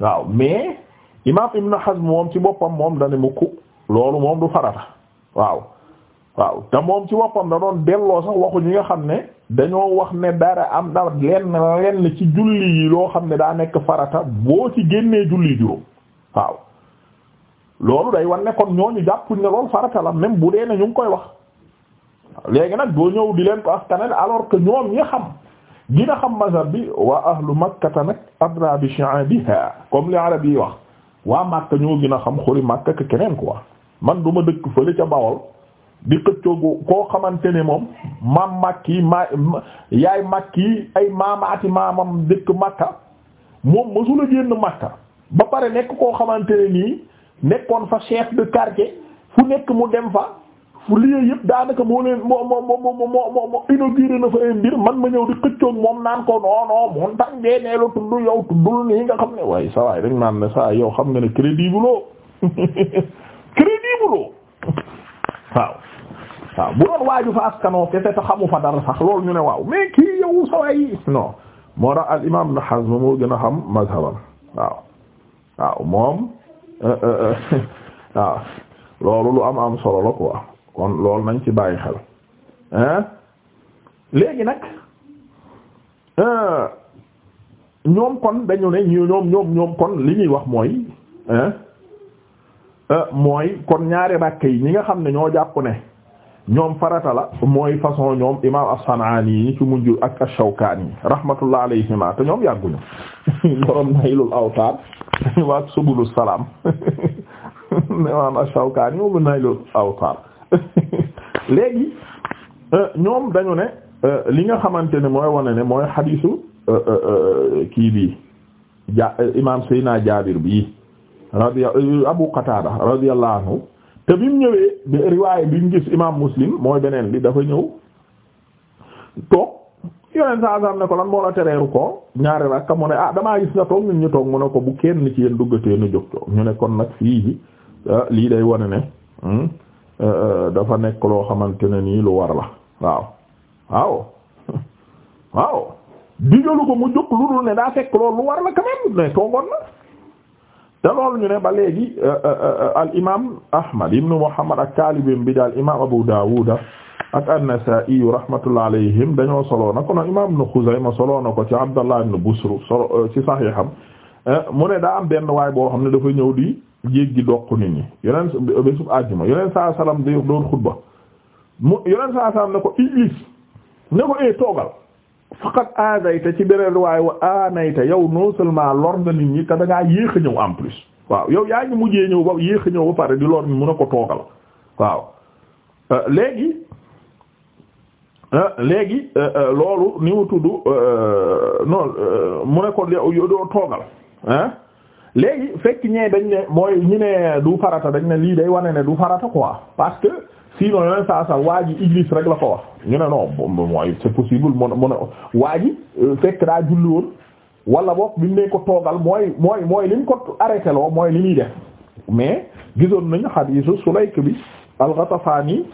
waaw mais imam Ibn Hazm moom ci boppam moom dane mukk loolu moom du farata waaw waaw te moom ci boppam da doon delloo sax waxu nga xam ne dañoo wax ne dara am da lenn lenn ci julli yi loo xam ne daa nekk farata boo ci génnee julli juróom waaw loolu day wan ne kon ñooñu jàppuñ ne loolu farata la même bu dee na ñu ngi koy wax léegi nag doo ñëw di leen ko askanel alors que ñoom ñi xam gina xam mazhab bi waa ahlu makkata nag adra bi shi'abiha comme li arab yi wax waa makka ñoo gën a xam xuri makka ke keneen quoi man du dëkk fële ca bawol di xëccoogu koo xamante ne moom maam makki maa yaay makki ay maamaati maamam dëkk makka moom mësula génn makka ba pare nekk koo xamante ne nii nekkoon fa chef de quartier fu nekk mu dem fa lieu yëpp daanaka moo leen moo moo moo moo moo moo inauguré na fa ay mbir man ma ñëw di xëccoog moom naan ko non non montagne bee nee tudd yow tuddul nii nga xam ne waaye sa waay dañ naan ne saa yow xam nga ne crédible oo crédible waaw waaw bu doon waaju fa askanoo kese te xamu fa dara sax loolu ñu ne waaw mais kii yow sa waay moo tax al imam Ibn Hazm moo gën a xam mazhabam waaw waaw moom waaw loolu lu am am solo la quoi kon loolu nañ ci bàyyi xel léegi nag euh, ñoom kon dañu ne ñu ñoom ñoom ñoom kon li ñuy wax mooy euh, mooy kon ñaari ràkk yi ñi nga xam ne ñoo jàpp ne ñoom farata la mooy façon ñoom imam as-San'ani yi ñi ci mujj ak ash-Shawkani yi rahmatullah alayhima te ñoom yàgguñu borom Naylul Awtar waak Subulus Salam ne maam ash-Shawkani moom Naylul Awtar léegi euh, ñoom dañu ne euh, li nga xamante ne mooy wone ne mooy xadiisu euh, kii bi ja imaam Seydina Jaabir bii radiya Abu Qatada radiyallahu te bi mu ñëwee bi riwaay bi mu gis imaam Muslim mooy beneen bi dafa ñëw toog yoneen saa saa ne ko lan moo la tereeru ko ñaari rakka mu ne ah damaa gis nga toog ñun ñu toog mu ne ko bu kenn ci yéen duggatee nu jóg ñu ne kon nag fii lii day wone ne hmm, Euh, euh, dafa nekk loo xamante ne ni lu war la waaw waaw waaw ko mu jóg lu dul ne daa fekk loolu lu war la ne toogoon na te loolu ñu ne ba léegi euh, al imam ahmad ibnu muhammad ak taalibim bi daal imam abu daawuda ak an-Nasaa'i rahmatullah alayhim dañoo solo na ko no imam ibnu Xuzayma solo na ko ci abdallah ibnu busru solo ci Eh, mu ne daa am benn waay boo xam ne dafa ñëw di jéggi doq nit ñi yeneen bésub àjjuma yeneen saa salaam di doon xutba mu yeneen saa salaam ne ko iblis ne ko ee eh, toogal faqat aadayta ci beneen waay wa aanayta yow non seulement lor nga nit ñi te da yéex a ñëw en plus waaw yow yaa ñu mujjee ñëw ba yéex a ñëw ba pare di lor ñu mun a ko toogal waaw eh, léegi léegi loolu ni mu tudd non mu ne ko doo toogal ah léegi fekk ñee dañ ne mooy ñu ne du farata dañ ne lii day wane ne du farata ko parce que sinon yeneen saa sax waa ji Iblis rek la ko wax ñu ne non mooy c'est possible mun mun waa ji euh, fekk daa julli woon wala boog bi mu ne ko toogal mooy mooy mooy li ko arrêté loo mooy li muy def mais gisoon nañu hadiisu Sulayk bi al-Ghatafani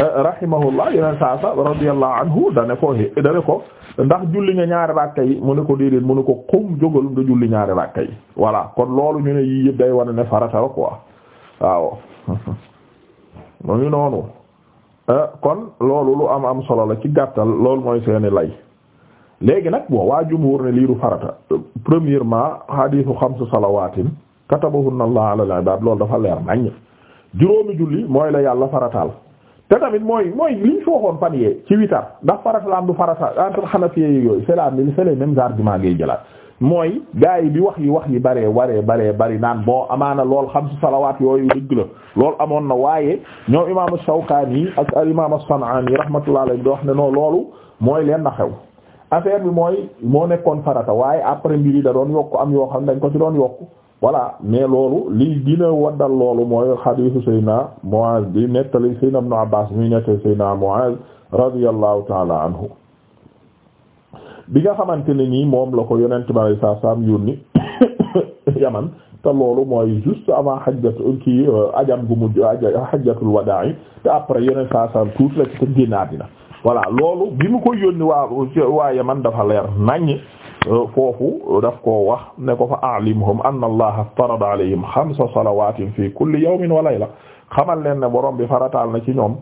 euh, rahimahullah yeneen saa sax radiyallahu anhu dane ko dane ko. ndax julli nga ñaari rakka yi mu ne ko déedéet mu ne ko xum jógal nga julli ñaari rakka yi voilà kon loolu ñu ne yii day wane ne farata la quoi waaw mu noonu eh, kon loolu lu am am solo la ci gàttal loolu mooy seeni lay léegi nag boo waa jumhur ne liiru farata premièrement hadithu xamsu salawaatin katabahunna allah ala al ibad loolu dafa leer nañ juróomi julli mooy la yàlla farataal te tamit mooy mooy liñ fooxoon fan yee ci witar ndax farata la am du farata entre Hanafi yooyu c'est la même c'est les mêmes arguments ngay jëlaat mooy gars yi bi wax yi wax yi bëree waree baree bëri naan bon amaana lool xam si salawaat yooyu dëgg la loolu amoon na waaye ñoom imam Shawkaani ak al imam as-San'aani rahmatullah alayhi di wax ne non loolu mooy leen na xew affaire bi mooy moo nekkoon farata waaye après mbir yi da doon yokk am yoo xam dañ ko ci doon yokk voilà mais loolu li gën a waddal loolu mooy xadiisu Seydina Muaz bi nettali Seydina Ibn Abbas mi nettali Seydina Muaz radiyallahu taala anhu bi nga xamante ne nii moom la ko yonent bi saa saam yónni Yaman te loolu mooy juste avant xajjatu euh, kii euh, ajam gu mujj xajjatul wadaa te après yeneen saa saam la ci te génnaat dina loolu bi mu ko yónni waa Yaman dafa leer naññ foofu daf ko wax ne ko fa a'limhum anna allaha iftarada alayhim xamsa salawatin fi kulli yawmin wa la xamal leen ne borom bi farataal na ci ñoom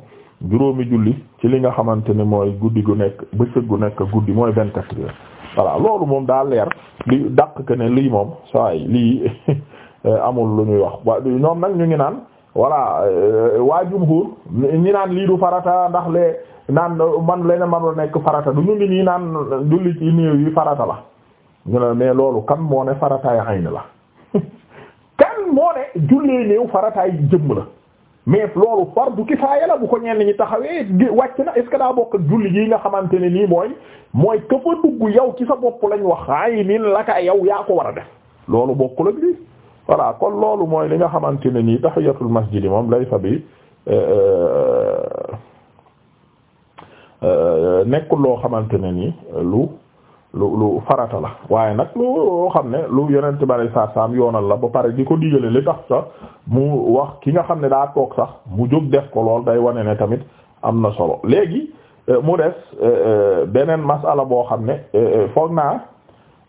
juróomi julli ci li nga xamante ni mooy guddi gu nekk bëccëg gu nekk guddi mooy vingt-quatre heures voilà loolu moom daa leer li dàq que ne lii moom saa yi lii amul lu ñuy wax wa ñoom nag ñu ngi naan voilà euh, waa jumhur ñi naan lii du farata ndax lee naan man leen man la nekk farata du ñu ngi nii naan julli ci néew yi farata la ñu mais loolu kan moo ne farataay ayn la kan moo ne jullee néew farataay jëmm la mais loolu fardu kifaaya la bu ko ñenn ñi taxawee wàcc na est daa bokk julli yi nga xamante ne nii mooy mooy ka dugg yow ci sa bopp lañ wax ay nin la ka yow yaa ko war a def loolu bokkul ak lii voilà kon loolu mooy li nga xamante ne nii tahiyatul masjid yi moom lay fa bi euh, euh, euh, nekkul loo xamante ne nii lu lu lu farata la waaye nag loo xam ne lu yeneen bari saa saam yoonal la ba pare di ko digale li tax sax mu wax ki nga xam ne daa toog sax mu jóg def ko lool day wane ne tamit am na solo léegi mu des beneen masala boo xam ne foog naa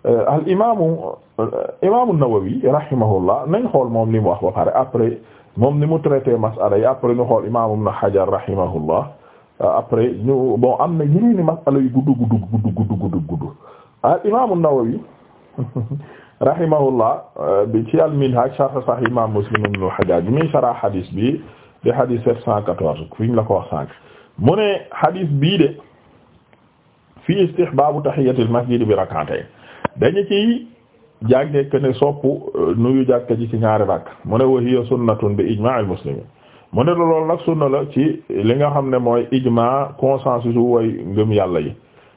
Euh, al imaamu euh, imaamu Nawawi rahimahullah nañ xool moom li mu wax ba pare après moom ni mu traité masala yi après ñu xool imaamu Ibn Hajar rahimahullah euh, après ñu bon am na yeneen i masala yu gudd gudd gudd gudd al imaamu Nawawi rahimahullah ci al Minhaj sharh Sahih imaam Muslim ibn al-Hajjaj mi sharh hadis bi di hadis fi ñu la ko wax sànq mu ne hadis bii de fii istihbaabu tahiyyatil masjid bi rak'atayn dañu ci jànge ke ne sopp euh, nuyu jàkka ci ñaari rakk mu ne wa hiya sunnatun bi ijma'il muslimin mu ne loolu nag sunna la ci li nga xam ne mooy ijma consensus wu way ngëm yàlla yi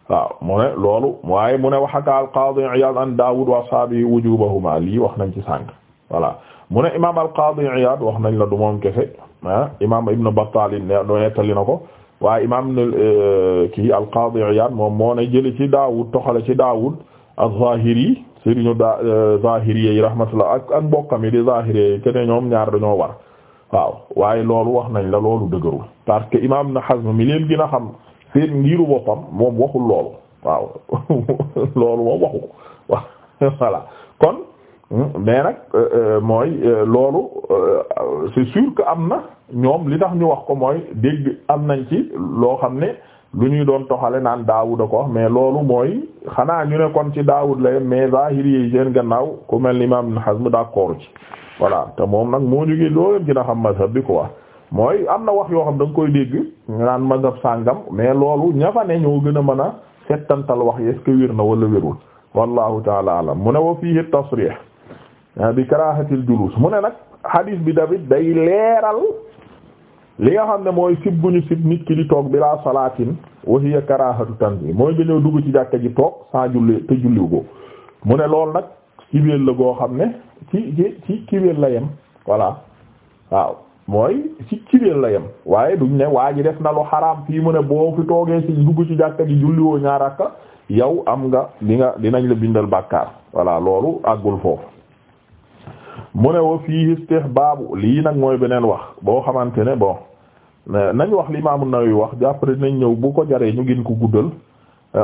waaw mu loolu waaye mu ne wax aka al qaadi Iyaad an Daawud wa ashaabihi wujubahuma lii wax nañ ci sànq voilà mu ne imaam al qaadi Iyaad wax nañ la du moom kese ah imaam Ibn Battaal nettali na ko waaye imaam euh, kii al qaadi Iyaad moom moo ne jëli ci Daawud toxale ci Daawud az-Zahiri sëriñu da euh, Zahiri yi rahmatullah ak ak mbokkam yi di Zahiri yi keneen ñoom ñaar dañoo war waaw waaye loolu wax nañ la loolu dëgërul parce que imaam na Hazm mi leen gin a xam seen ngiru boppam moom waxul loolu waaw loolu moom waxu ko voilà kon hmm, mais euh, euh, mooy loolu c'est sûr que am na ñoom li tax ñu wax ko mooy dégg am nañ ci loo xam ne. lu ñuy doon toxale naan Daawuda ko mais loolu mooy xanaa ñu ne kon ci Daawud la mais zahiri yi seen gannaaw ku mel ni Imaam Ibn Hazm d'accord ci voilà te moom nag moo ñu ngi loolu gën a xam mazhab bi quoi mooy am na wax yoo xam da nga koy dégg nga naan mazhab sàngam mais loolu ña ne ñoo gën a mën a settantal wax yi est-ce que wér na wala wérul wallahu taala alam mu ne wa fiihi tasrih bi karaahatil julus mu ne nag hadith bi David day leeral. li nga xam ne mooy sib gu ñu sib nit ki di toog bilaa salaatin wa hiya karaahatu tanzih mooy nga ñëw dugg ci jàkka ji toog sans julli te julliw ko mu ne loolu nag kibeel la goo xam ne ci ci ci kibeel la yem voilà waaw mooy ci kibeel la yem waaye duñ ne waa ji def na lu xaraam fii mu ne boo fi toogee ci dugg ci jàkka ji julliwoo ñaar rakka yow am nga li nga dinañ la bindal bàkkaar voilà loolu àggul foofu mu ne wa fii baabu lii nag mooy beneen wax boo xamante ne bon nañ wax li Imaam An-Nawawi wax jàppare nañ ñëw bu ko jaree ñu gën ko guddal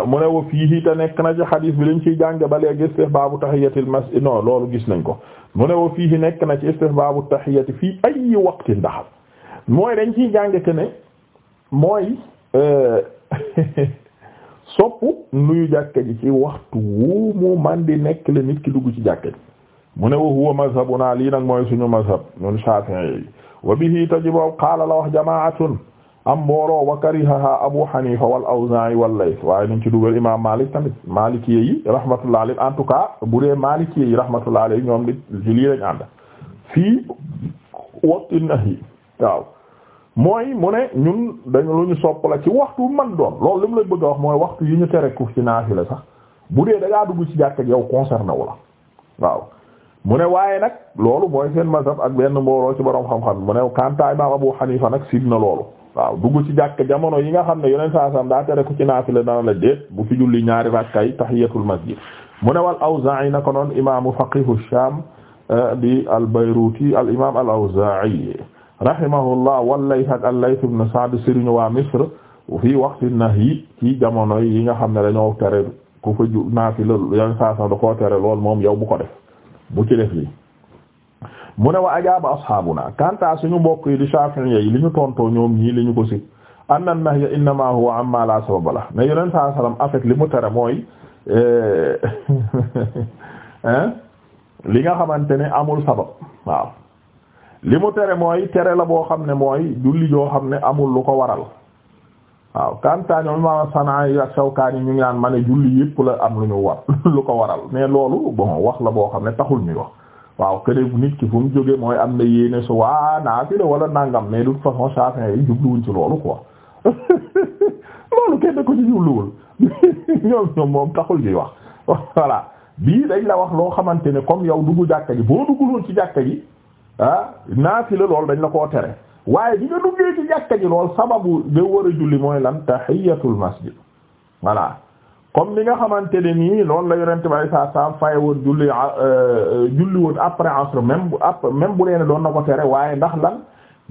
mu ne wa fii te nekk na ci xadiis bi lañ ciy jànge ba léegi istihbaabu tahiyatil masjid non loolu gis nañ ko mu ne wa fii nekk na ci istihbaabu tahiyati fii ay waqti ndaxal mooy dañ ciy jànge que ne mooy euh, sopp nuyu jàkka ji ci waxtu wu mu man di nekk la nit ki dugg ci jàkka ji mu ne wa huwa lii nag mooy suñu mazhab ñun Shafi'i wa bihi tajibu qaala la wax jamaatun am mbooloo wa karihaha Abu Hanifa wal Awzaa'i wal Layth waaye nañ ci dugal imaam Maalik tamit Maaliki yi rahmatullahi alayhi en tout cas bu dee Maaliki yi rahmatullahi alayhi ñoom di ci lii lañ ànd fii waqti nahyi waaw mooy mu ne ñun dañu lu ñu sopp la ci waxtu man doon loolu li mu lay bëgg a wax mooy waxtu yi ñu tere ku ci naafila sax bu dee da dugg ci jàkk mu ne waaye nag loolu mooy seen mazhab ak benn mbooloo ci borom xam-xam mu ne kanta imam Abu Hanifa nag sib na loolu waaw ci jàkk jamono yi nga xam ne yoneen saa sam daa tere ku ci naafila dana la déet bu fi julli ñaari rakkay tahiyatul masjid mu ne wal Awzaa'i na ko noon imamu faqihu Shaam euh, di al Bayruuti al imam al Awzaa'i rahimahullah wallayt ak al-Layth ibn Sa'd sëriñu waa Misr fii waxti nahyi ci jamono yi nga xam ne dañoo tere ku fa ju naafila yoneen saa sam da koo tere lool moom yow bu ko def bu ci def li mu ne wa ajaaba ashaabuna kanta suñu mbokk yi di Shafi'i yi li ñu tontoo ñoom ñii li ñu ko si anna nahya innama huwa amma la sababa la ne yoneen saa sallam li mu tere mooy eh, li nga xamante ne amul sabab waaw li mu tere mooy tere la boo xam ne mooy julli joo xam ne amul lu ko waral waaw kantaa ñoom imaam Sanaa'i ak Shawkaani ñu ngi naan ma ne julli yëpp la am lu ñu war lu ko waral mais loolu bon wax la boo xam ne taxul ñuy wax waaw kene nit ki fu mu jóge mooy am na yéene su waa naafila wala nàngam mais de toute façon Shafi'i yi jubluwuñ ci loolu quoi loolu kenn ko ci jubluwul ñoom ñoom moom taxul ñuy wax voilà bii dañ la wax loo xamante ne comme yow dugg jàkka ji boo dugguloon ci jàkka ji ah naafila loolu dañ la koo tere waaye bi nga duggee ci jàkka ji lool sababu nga war a julli mooy lan tahiyatul masjid voilà comme ni nga xamante ne nii loolu la yonent bay saa saa faye woon julli euh, euh, julli woon après asr même bu après même bu leen doon na ko tere waaye ndax lan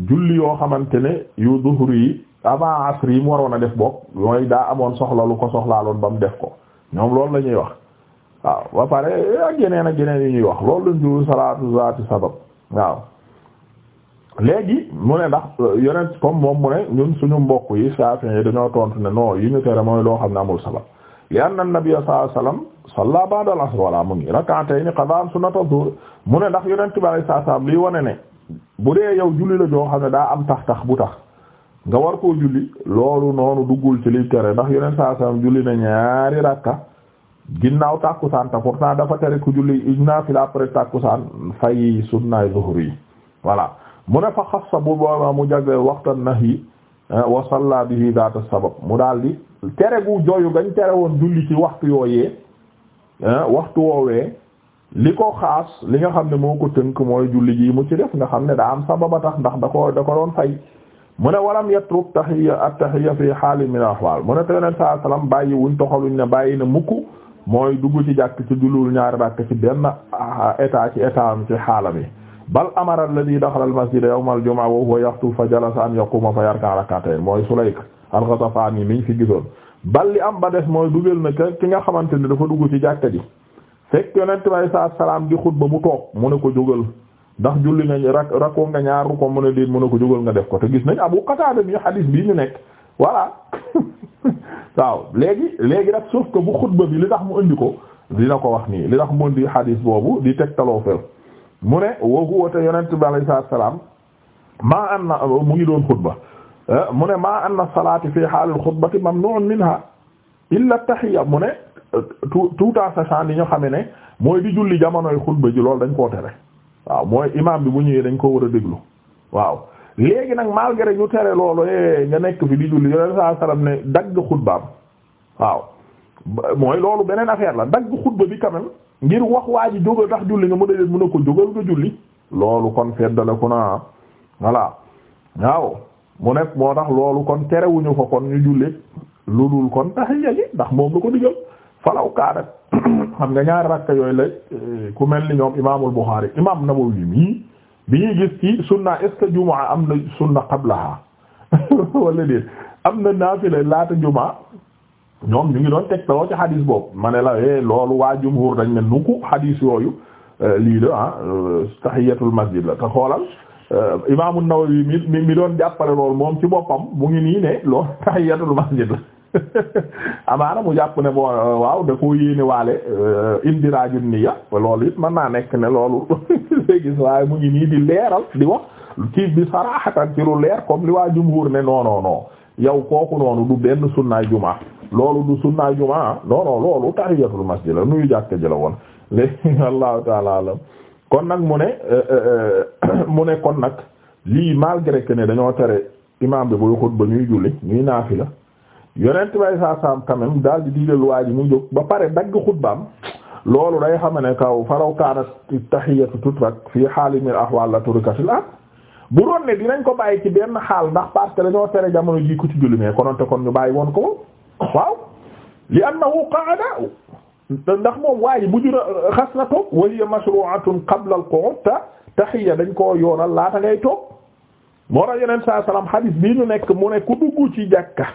julli yoo xamante ne yu duhur yi avant asr yi mu waroon a def bopp mooy daa amoon soxla lu ko soxlaaloon ba mu def ko ñoom loolu la ñuy wax waaw ba pare ak yeneen ak yeneen yu ñuy wax loolu lañ jur salaatu zaati waaw léegi mu ne ndax euh, yonent comme moom mu ne ñun suñu mbokk yi saafin yi dañoo tontu ne noo yi ñu tere mooy loo xam ne amul sabab li anna nabiyya sallallahu alayhi wasallam salla ba'da al-asr wala mu ngi rak'atayn qada'an sunnata dhuhr mu ne ndax yonent bi sallallahu alayhi wasallam lii wane ne bu dee yow julli la joo xam ne daa am tax tax bu tax nga war koo julli loolu noonu duggul ci liy tere ndax yonent sallallahu alayhi wasallam julli na ñaari rakka ginnaaw tàkkusaan te pourtant dafa tere ku julli naafila après tàkkusaan fay sunnaay dhuhr yi voilà mu ne fa xassa bu booba mu jagle waxta nahyi eh, wa bi bihi daata sabab mu daal di tere gu jooyu gañ tere woon julli ci waxtu yooyee eh, waxtu woowee li ko xaas li nga xam ne moo ko tënk mooy julli ji mu ci def nga xam ne daa am sababa tax ndax da ko da ko doon fay mu ne walam yatruk tahiya at-tahiyya fi haalin min al-ahwaal mu ne te yoneen saa salaam bàyyi wuñ toxaluñ ne bàyyi na mukk mooy dugg ci jàkk ci julul ñaari ràkk ci benn ah, état ci état bal amara alladhi daxala almasjida yawma aljumaa wa huwa yaxtub fa jalasa an yaquma fa yarka rak'atayn mooy Sulayk al-Ghatafani mi ñu fi gisoon bal li am ba des mooy dugal na ki nga xamante ne dafa dugg ci jàkka ji fekk yonent bi alayhi salaatu salaam di xutba mu toog mu ne ko jógal ndax julli nga rak rakoo nga ñaar ko mu ne déet mu ne ko jógal nga def ko te gis nañ Abu Qataada mi hadith bii ñu nekk voilà waaw léegi léegi nag sauf que bu xutba bi li tax mu indi ko dina ko wax nii li tax mu indi boobu di tegtaloo fel mu ne wa huwa te yonent bi alayhi salaam maa anna mu ngi doon xutba eh, mu ne maa anna salaati fi xaalil xutbati mamnu'un naa illa tahiyya mu ne tout tout à sachant li ñu xame ne mooy di julli jamonoy xutba ji loolu dañ koo tere waaw mooy imaam bi bu ñëwee dañ ko war a déglu waaw léegi nag malgré ñu tere loolu eh, nga nekk fi di julli yonent saa salaam ne dagg xutbaam waaw mooy loolu beneen affaire la dagg xutba bi quand ngir wax waa ji jógal tax julli nga mu dee mun a ko jógal nga julli loolu kon feddaleku naa voilà waaw mu nekk moo tax loolu kon terewuñu ko kon ñu julli lu dul kon tahiyya gi ndax moom la ko digal falaw kaanat xam nga ñaari rakka yooyu la eh, ku mel ni ñoom imaamul Buxaari imaam Nawawi mii bi ñuy gis ci sunna est jumaa am na sunna qablaha wala déet am na naafila laata jumaa ñoom ñu ngi doon teg taloo ci xadis boobu ma ne la eh, loolu waa jumhur dañ ne nuku xadis yooyu eh, lii la ah tahiyatul masjid la te xoolal eh, imaamu Nawawi mi mi doon jàppale loolu moom ci boppam mu ngi nii ne loolu tahiyatul masjid la amaana mu jàpp ne bon waaw da koo yéene waale indirajun niyya loolu it mën naa nekk ne loolu léegi waaye mu ngi nii di leeral di wax ci bi sarahatan ci lu leer comme li waa jumhur ne non non non yow kooku noonu du benn sunnaay jumaa loolu du sunnaay jumaa non non loolu tahiyatul masjid la nuyu jàkka ji la woon léegi allahu taala alam kon nag mu ne euh, euh, mu ne kon nag lii malgré que ne dañoo tere imam bi buy ba ñuy julli ñuy naafila yonent bay saa saam quand même daal di digal waa ji mu jóg ba pare dagg xutbaam loolu day xam ne kaw faraw kaanat tahiyatu tutrak fii xaali min ahwal la turikatil am bu doon ne dinañ ko bàyyi ci benn xaal ndax parce que dañoo tere jamono ji ko ci julli mais te kon ñu bàyyi woon ko waaw li annahu qaada ndax moom waaye bu jura euh, xas na toog wa hiya mashru'atun qabla al-qu'ud ta tahiyya dañ koo yoonal laata ngay toog moo tax yeneen saa salaam hadis bii ñu nekk mu ne ku dugg ci jàkka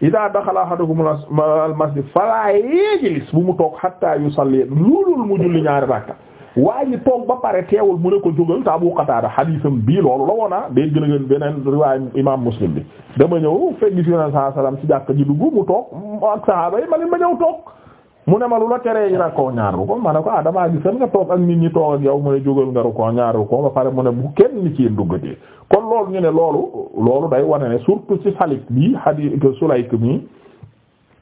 idaa daxala ahadukum al-masjid falaa yajlis bu mu toog hatta yusalli loolul mu julli ñaari rakka waaye toog ba pare teewul mu ne ko jógal te Abu Qataada xadiisam bii loolu la woona ah. day gën a gën beneen riwaay imaam Muslim bi dama ñëw fekk gis Yonent saa salaam ci jàkka ji dugg mu toog ak saxaaba yi ma leen ma ñëw toog mu ne ma lu la teree ñu ne ko ñaar bu ko ma ne ko ah damaa gis nga toog ak nit ñi toog ak yow mu ne jógal nga ko ñaar ko ba pare mu ne bu kenn ni ci yéen duggatee kon loolu ñu ne loolu loolu day wane ne surtout si Salik bi hadiis Sulayk mi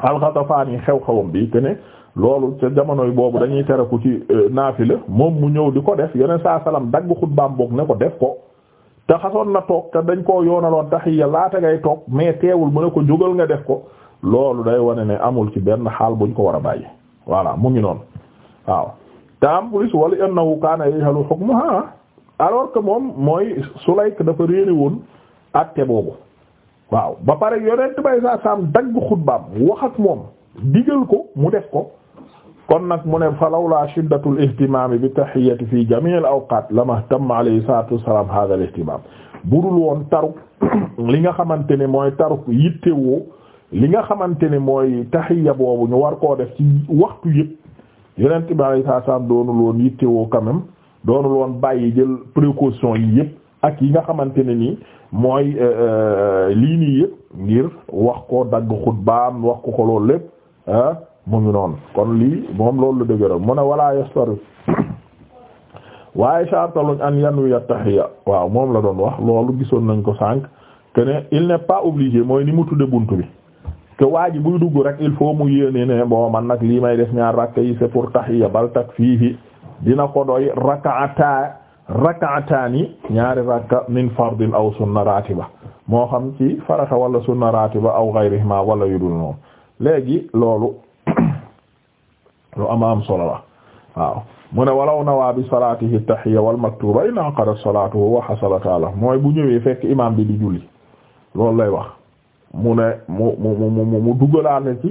al-Ghatafani xew-xewam bi ne loolu ca jamonoy boobu dañuy tere ku ci euh, naafila moom mu ñëw di ko def yeneen saa salaam dagg xutbaam boog ne ko def ko te xasoon na toog te dañ koo yoonaloon taxiya laata ngay toog mais teewul mu ne ko jógal nga def ko loolu day wane ne amul ci benn xaal buñ ko war a bàyyi voilà mu ngi noonu waaw te am plus wala annahu kaana yajhalu hukmaha alors que moom mooy su Sulayk dafa réere woon atte boobu waaw ba pare yonent bay saa saam dagg xutbaam wax ak moom digal ko mu def ko kon nag mu ne falawla shiddatul ihtimaami bi tahiyyati fi jami'il awqaat tam alayhi salaatu wassalaam haadha al-ihtimaam budul woon taruk li nga xamante ne mooy taruk yittewoo li nga xamante ne mooy tahiyya boobu ñu war koo def ci waxtu yëpp yonent bi alayhi salaatu wassalaam doonul woon yittewoo quand même doonul woon bàyyi jël précaution yi yëpp ak yi nga xamante ne nii mooy euh, euh, lii nii yëpp ngir wax ko dagg xutbaam wax ko loolu lépp mu ngi noonu kon lii moom loolu la dëgëral mu ne wala yastarif waaye shartaluñ an yanwi taxiya waaw moom la doon wax loolu gisoon nañ ko sànq que il n'est pas obligé mooy ni mu tudde bunt bi que waa ji buy dugg rek il faut mu yéene ne bon man nag lii may def ñaar rakka yi c'est pour taxiya fii takfiihi dina ko doy rak'ata rak'ataani ñaari rakka min fardin aw sunna ratiba moo xam ci farata wala sunna ratiba aw gayrihima wala yu dul noonu léegi lu ama am solo la waaw mu ne walaw nawaa bi salaatihi tahiyya wal maktuba in aqada salaatuhu wa hasala taala mooy bu ñëwee fekk imam bi di julli loolu lay wax mu ne mu mu mu mu dugalaale ci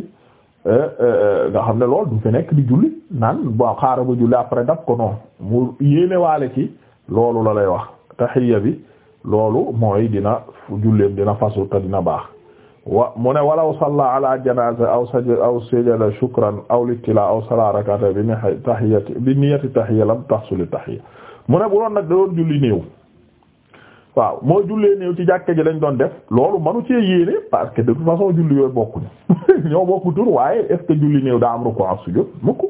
eh, eh, nga xam ne lool du fi nekk di julli naan ba xaaral ba julli après daf ko noonu mu yéenewaale ci loolu la lay wax tahiyya bi loolu mooy dina julleem dina fasu te dina baax. wa mu ne walaw salla ala janaza aw saj aw sajada shukran aw litila aw sala rakata bi tahiyati bi niyati tahiya lam tahsuli tahiya mu ne bu doon nag da doon julli néew waaw moo jullee néew ci jàkke ji lañ doon def loolu manu cee yéene parce que de toute façon julli yooyu bokkuñu ñoo bokku tur waaye est ce que julli néew daa am ruku ak sujud mukk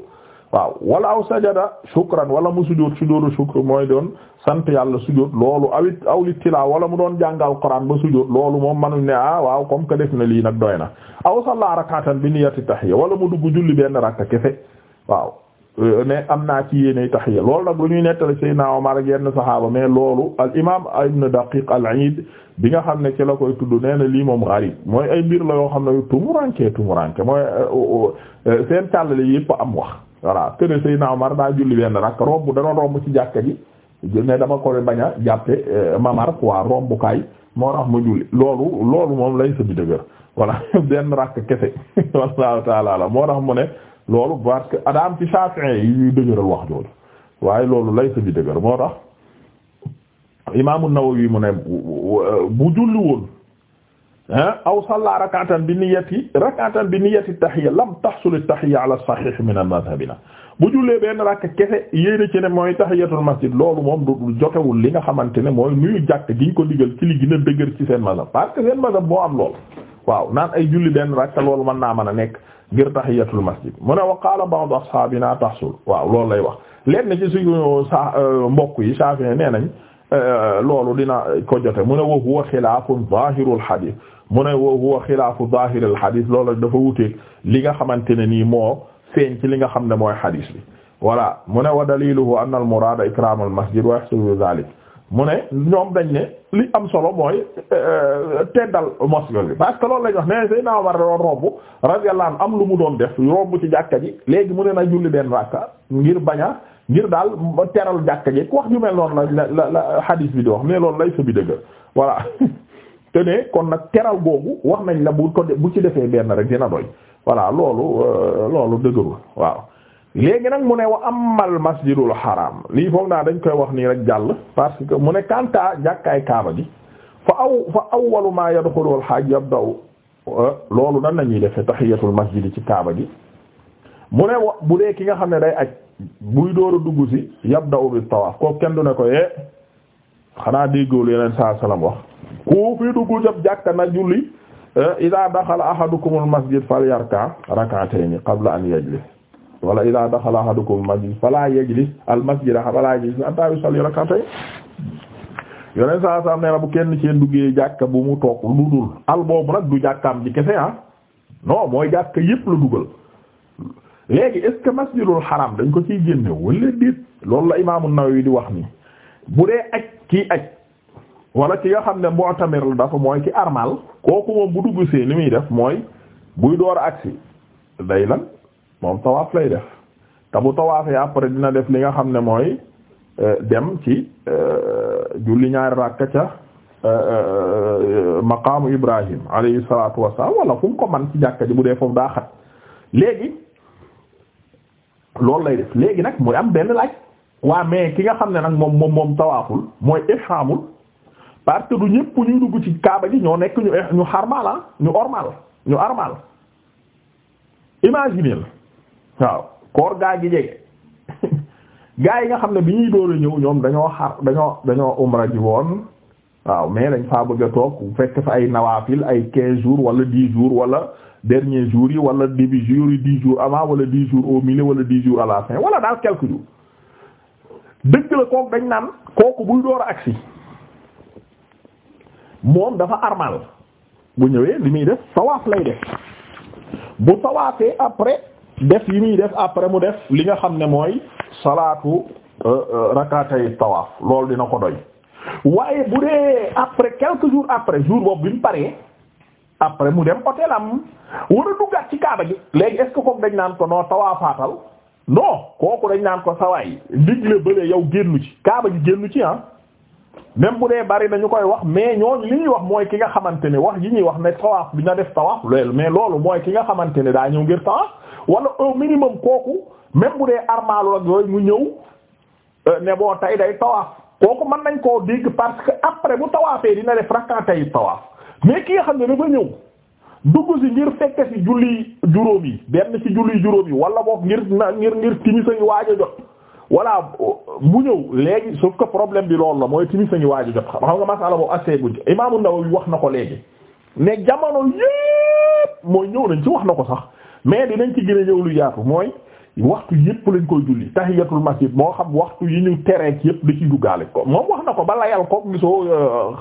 waaw wala aw sajada shukran wala mu sujjóot sujjóotu shukr mooy doon sant yàlla sujjóot loolu awit aw tilaa wala mu doon jàngal alquraan ba sujjóot loolu moom manuñ ne ah waaw comme que def na lii nag doy na aw salla rakatan bi niyyati tahiyya wala mu dugg julli benn rakka kefe waaw euh, ne am naa ci yéenay tahiyya loolu nag lu ñuy nettali Seydina Omar ak yenn saxaaba mais loolu al imaam ibn Daqiq al bi nga xam ne ci la koy tudd nee na lii moom gariib mooy ay mbir la yoo xam ne tumuraanke tumuraanke mooy euh, euh, seen tàllale yépp am wax. voilà a Seydina Omar daa julli benn rak romb dana romb ci jàkka ji ne dama ko bañ a jàppe euh, mamar quoi rombukaay moo tax ma julli loolu loolu moom lay sa bi dëgër voilà benn rakk kese wallahu taala moo tax mu ne loolu parce que adam ci Shafi'i yi dëgëral wax jooju waaye loolu lay sa bi dëgër moo tax Imam An-Nawawi mu ne bu julli woon aw salla rak'atan bi niyyati rak'atan bi niyyati tahiyya lam tahsul tahiyya ala sahih min madhabina bu jullee benn rakk kese yéene ci ne mooy tahiyatul masjid loolu moom du jotewul li nga xamante ne mooy nuyu jàkk giñ ko digal ci li gën a dëgër ci seen mazhab parce que seen mazhab boo am lool waaw naan ay julli benn rakk te loolu mën naa mën a nekk ngir tahiyatul masjid mu ne wa qaala ba'du ashaabina tahsul waaw loolu lay wax lenn ci suñu sa euh, mbokk yi Shafi'i nee nañ euh, loolu dina ko jote mu ne wa huwa khilaafun zaahirul hadiis mu ne wa huwa xilaafu zaahiril xadiis loolu dafa wuteeg li nga xamante ne nii moo feeñ ci li nga xam ne mooy xadiis bi voilà mu ne wa daliluhu anna al muraada ikraamul masjid wa yahsulu zaalik mu ne ñoom dañ ne li am solo mooy euh, teddal mosquée bi parce que loolu lañ wax ne Seydina Umar doon romb radiyallahu anhu am lu mu doon def romb ci jàkka ji léegi mu ne na julli benn ràkka ngir baña ngir daal teral jàkka ji ku wax ju mel noonu la la la loolu lay sa bi dëgg voilà te ne kon nag teral googu wax nañ la bu ko bu ci defee benn rek dina doy voilà loolu euh, loolu dëgërul waaw léegi nag mu ne wa amal masjidul haram lii foog naa dañ koy wax nii rek jàll parce que mu ne kanta kaaba gi fa aw fa awwalu ma yadxulu al hajj yabda'u euh, loolu nan lañuy defe tahiyatul masjid ci kaaba gi mu ne wa bu dee ki nga xam ne day ak buy door a dugg si yabda'u bi tawaaf ko kenn du ne ko yee eh, xanaa déggoo lu yeneen saa salaam wax ku fi duggu jab jàkka na julli eh, ida daxala ahadukumul masjid falyarka rak'atayn qabla an yajlis wala ida daxala ahadukumul masjid fala yajlis al masjid fala yajlis hatta yusalli saa saa nee bu kenn ci duggee jàkka bu mu toog lu dul al boobu nag du jàkkaam ji kese ah non mooy jàkka yépp la dugal léegi est masjidul haram dañ ko ciy génne wala déet loolu la imaamu Nawawi di wax ni bu dee aj kii aj wala ki nga xam ne mu'tamir la dafa mooy ci armal kooku moom bu dugg see li muy def mooy buy door agsi day lan moom tawaaf lay def te bu tawaafee après dina def li nga xam ne mooy euh, dem ci euh, julli ñaari rakka ca euh, maqaamu Ibrahim alayhi salaatu wassalaam wala fu mu ko man ci jàkka ji bu dee foofu daa xat léegi loolu lay def léegi nag muy am benn laaj waa mais ki nga xam ne nag moom moom moom tawaaful mooy ihraamul parce que du ñëpp ñuy dugg ci kaaba gi ñoo nekk ñu eh, ñu xarmal ah, ñu ormal ñu armal imagine la waaw koor gaa gi jege gaa yi nga xam ne bi ñuy doole ñëw ñoom dañoo xar dañoo dañoo umra ji woon waaw mais dañ faa bëgg a toog fekk fa ay nawaafil ay quinze jours wala dix jours wala dernier jours yi wala début jours yi dix jours avant wala dix jours au milieu wala dix jours à la fin wala daal quelques jours dëgg la kooku dañ naan kooku buy door a agsi moom dafa armal bu ñëwee li muy def tawaaf lay def bu tawaafee après def yi muy def après mu def li nga xam ne mooy salaatu euh, euh, rakatay tawaaf loolu dina ko doy waaye bu dee après quelques jours après jour boobu bi mu paree après mu dem hôtel am war a duggaat ci kaaba gi léegi est-ce que kooku dañ naan ko noo tawaafaatal non kooku dañ naan ko sawaay digle bële yow génnu ci kaaba gi génnu ci ah même bu dee bari nañu koy wax mais ñoo li ñuy wax mooy ki nga xamante ne wax yi ñuy wax ne tawaaf bi na def tawaaf loolu mais loolu mooy ki nga xamante ne daa ñëw ngir tawaaf wala au minimum kooku même bu dee armaalu ak yooyu mu ñëw euh, ne boo tay day tawaaf kooku mën nañ koo dégg parce que après bu tawaafee dina def rakkaatay tawaaf mais ki nga xam ne dafa ñëw dugg ci ngir fekke ci julli juróom yi benn ci julli juróom yi wala boog ngir ngir ngir timi sa ngi waaj voilà mu ñëw léegi sauf que problème bi loolu la mooy timis nañu waaj a jot xam nga masala boobu assez gudd Imaam An-Nawawi wax na ko léegi ne jamono yépp mooy ñëw nañ ci wax ko sax mais dinañ ci gën a ñëw lu yaatu mooy waxtu yépp lañ koy julli tahiyatul masjid moo xam waxtu yi ñu tereek yépp da ci duggaale ko moom wax na ko ba layal ko gisoo euh,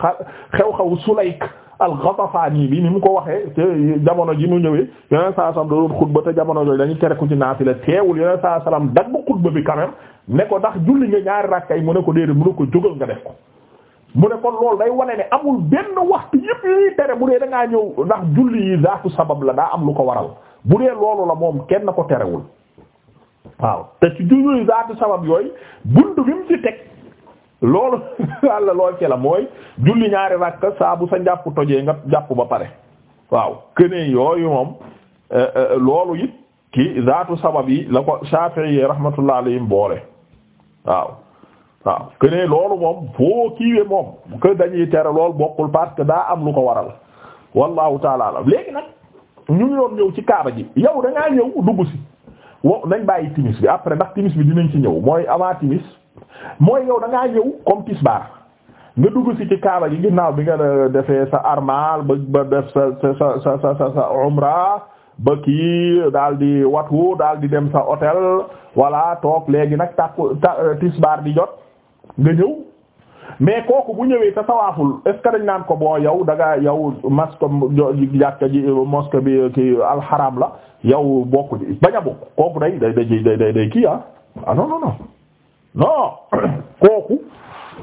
xew-xew Sulayk al-Ghatafani bi ni mu ko waxee te jamono ji mu ñëwee yeneen saa salaam da doon xutba te jamono jooju dañu tere ku ci naafila teewul yeneen saa salaam dagg xutba bi quand ne ko ndax julli nga ñaari rakkay mu ne ko déedéet mu ne ko jógal nga def ko mu ne kon loolu day wane ne amul benn waxtu yëpp yi tere bu dee da ñëw ndax julli yi zaatu sabab la daa am lu ko waral bu dee loolu la moom kenn ko terewul waaw te ci julli yi zaatu sabab yooyu buntu bi mu ci teg loolu wàlla lool ci la mooy julli ñaari rakka saa bu sa njàpp tojee nga jàpp ba pare waaw këne yooyu moom eh, eh, loolu it ki zaatu sabab yi la ko Shafi'i rahmatullah alayhim boole waaw waaw que loolu moom foo kiiwee moom que dañuy tere loolu bokkul parce que daa am lu ko waral wallahu taala alam léegi nag ñu ngi doon ñëw ci kaaba ji yow da ngaa ñëw dugg si wo nañ bàyyi timis bi après ndax timis bi dinañ ci ñëw mooy avant timis mooy yow da ngaa ñëw comme tisbaar nga dugg si ci kaaba ji ginnaaw bi nga defee sa armaal ba ba def sa sa sa sa sa sa umra ba kii daal di watu daal di dem sa hôtel walla toog léegi nag takku tisbaar di jot nga ñëw mais kooku bu ñëwee te tawaaful est naan ko boo yow da nga yow masko jàkka ji moske bi ki alxaram la yow bokk bañ a bokk kooku day day day day day kii ah ah non non non kooku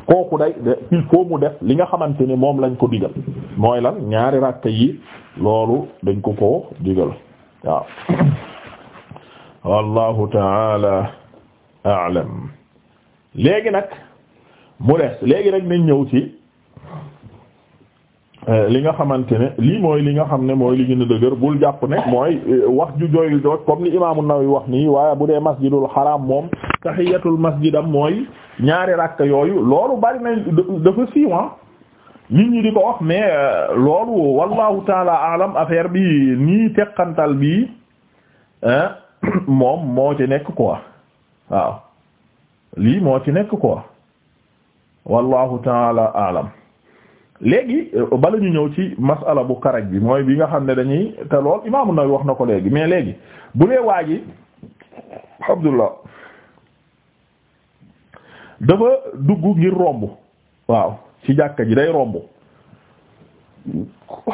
kooku day il faut mu def li nga xamante ni moom lañ ko digal mooy lan ñaari rakk yi loolu dañ ko ko digal waaw wallahu taala a'lam léegi nag mu des léegi rek nañ ñëw ci Euh, li nga xamante ne lii mooy li nga xam ne mooy li gën a dëgër bul jàpp ne mooy euh, wax ju jooyul jooj comme li imaamu Nawawi wax nii waaye bu dee masjidul xaraam moom tahiyatul masjidam mooy ñaari rakk yooyu loolu bari na dafa siiwan ah. nit ñi di ko wax mais euh, loolu wallahu taala alam affaire bi nii teqantal bi moom moo ci nekk quoi waaw lii moo ci nekk quoi wallahu taala alam léegi euh, bala ñu ñëw ci masala bu karaj bi mooy bi nga xam ne dañuy te lool Imaamu Nawawi wax na ko léegi mais léegi bu dee waa ji Abdullah dafa dugg ngir romb waaw ci jàkka ji day romb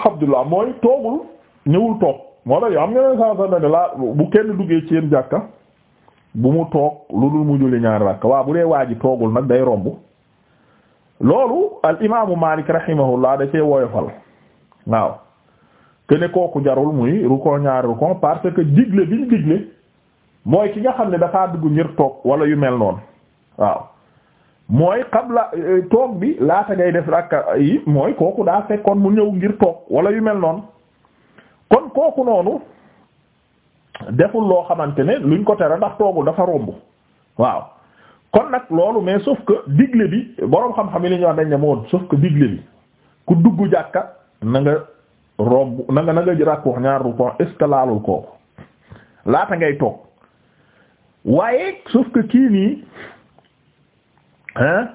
Abdullah mooy toogul ñëwul toog moo tax yoo xam nga ne saa saa ne laa bu kenn duggee ci yeen jàkka bu mu toog lu dul mu julli ñaari rakka waa bu dee waa ji toogul nag day romb loolu al imaamu Maalik rahimahullah da cee woyofal waaw te kooku jarul muy rukon ñaari rukon parce que digle bi ñu digle mooy ki nga xam ne dafa dugg ngir toog wala yu mel noonu waaw mooy qabla euh, toog bi laata ngay def rakka yi mooy kooku daa fekkoon mu ñëw ngir toog wala yu mel noon kon kooku noonu deful loo xamante ne luñ ko tere ndax toogul dafa romb waaw. kon nag loolu mais sauf que digle bi boroom xam-xam yi li ñu wax dañ ne moo sauf que digle bi ku dugg jàkka nanga nga romb na nga na nga rakku ñaar rukon est ce laalul kooku laata ngay toog waaye sauf que kii nii hein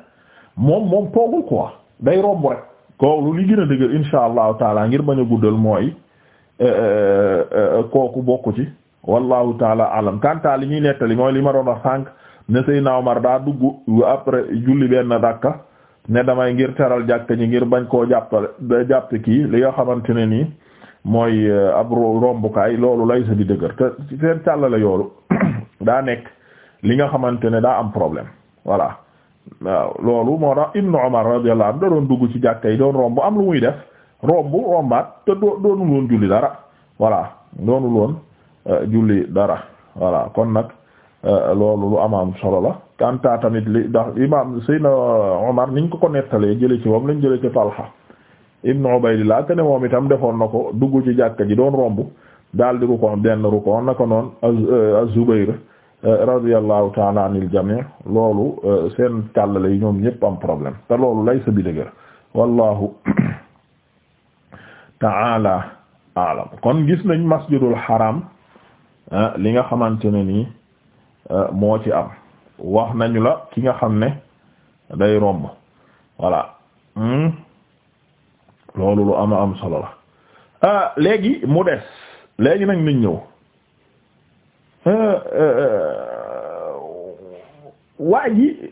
moom moom toogul quoi day romb rek kooku li gën a dëgër insha allahu taala ngir bañ a guddal mooy euh, euh, euh, kooku bokku ci wallahu taala alam kanta li ñuy nettali mooy li ma doon a sànq ne Seydina Omar daa dugg après julli benn rakka ne damay ngir teral jàkk ñi ngir bañ koo jàppale da jàpp kii li nga xamante ne nii mooy eh, ab rombukaay loolu lay sa di dëgër te seen càllale yoolu daa nekk li nga xamante ne daa am problème voilà waaw loolu moo tax Ibnu Umar radiyallahu anhu da doon dugg ci jàkka yi doon romb am lu muy def romb rombaat te doo doonul woon julli dara voilà doonul woon eh, julli dara voilà kon nag Euh, loolu lu amaam solo la kanta tamit li ndax imam Seydina Omar niñ ko ko nettalee jële ci moom lañ jële ci Talha ibnu Ubaydillah te ne moom itam defoon na ko dugg ci jàkka ji doon romb daal di rukoon benn rukoon naka noon euh, az-Zubayr euh, radiyallahu ta'ala anil jami' loolu seen tàllale yi ñoom ñëpp am problème te loolu lay sa bi dëgër wallahu ta'ala a'lam kon gis nañ masjidul haram li nga xamante ne nii Euh, moo ci am wax nañu la ki nga xam ne day romb voilà hmm? loolu lu ama am solo la euh, léegi mu des léegi nag nañ ñëw euh, waa ji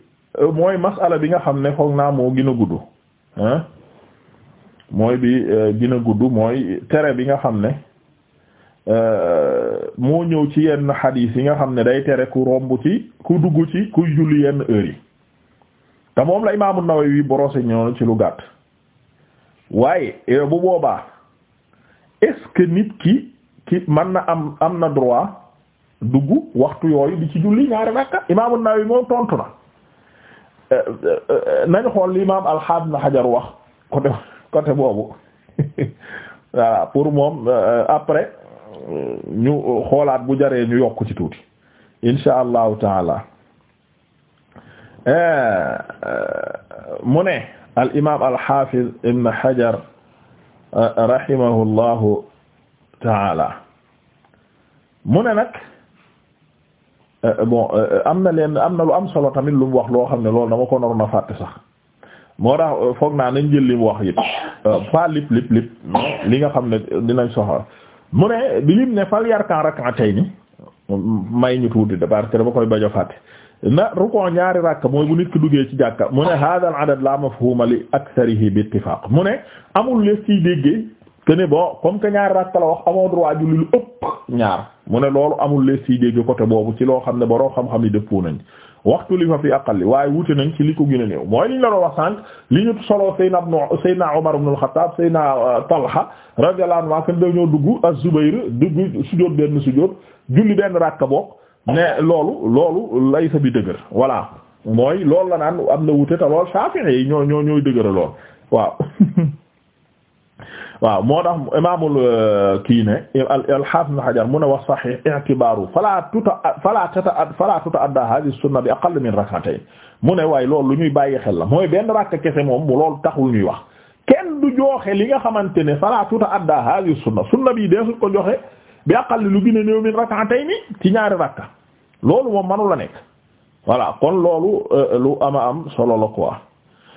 mooy masala bi nga xam ne foog naa moo gën a gudd mooy bi gën a gudd mooy tere bi nga xam ne Euh, moo ñëw ci yenn xadiis yi nga xam ne day tere ku romb ci ku dugg ci kuy julli yenn heure yi te moom la imaamu Nawawi borose ñoonu ci lu gàtt waaye eh, bu boobaa est nit ki ki man na am am na droit dugg waxtu yooyu di ci julli ñaari rakka imaamu Nawawi moom tontu na euh, euh, nañu xool li imaam alxaad na xajar wax côté côté boobu voilà pour moom après ñu xoolaat bu jaree ñu yokk ci tuuti insha allahu taala mu ne al imaam al xajar ibn hajar taala mu ne nag bon am na leen am na lu am solo tamit lu mu wax loo xam ne loolu dama ko naroon a fàtte sax moo tax foog naa nañ jël li mu wax yëpp pas lépp lépp li nga xam ne dinañ soxla mu ne bilim ne fal yarkan rak'atayn may ñu tuuti de parce que dama koy bañ a fàtte na rukon ñaari rakk mooy bu nit ki duggee ci jàkka mu ne hadha al adad la mafhuma li aktharihi bi ittifaq mu ne amul les ciy déggee que ne comme que ñaari rakk la wax amoo droit julli lu ëpp ñaar mu ne loolu amul les ciy déggee côté boobu ci loo xam ne boroo xam-xam yi dëppoo nañ waxtu li fa fi aqalli waaye wute nañ ci li ko gën a néew mooy liñ la doon wax sànq li ñu solo Seydina Seydina Omar ibn al-Khattab Seydina euh, Talha radiyallahu anhu waa kan dañoo dugg az-Zubayr dugg sujjóot benn sujjóot julli benn a bokk mais loolu loolu lay bi dëgër voilà mooy loolu la naan am na wute te lool Shafi'i yi ñoo ñoo ñooy dëgëra lool waaw waaw moo tax imaamul euh, kii ne al-Hafiz Hajar mu ne wax sahih i'tibaaru fala tuta fala tuta fala tuta adda hadhihi sunna bi aqall min rak'atayn mu ne waaye loolu lu ñuy bàyyi xel la mooy benn rakka kese moom mu loolu taxul ñuy wax kenn du joxe li nga xamante ne fala tuta adda hadhihi sunna sunna bi deesul ko joxe bi aqall lu gën a néew min rak'atayn ci ñaari rakka loolu moom mënu la nekk voilà kon loolu euh, lu ama am solo la quoi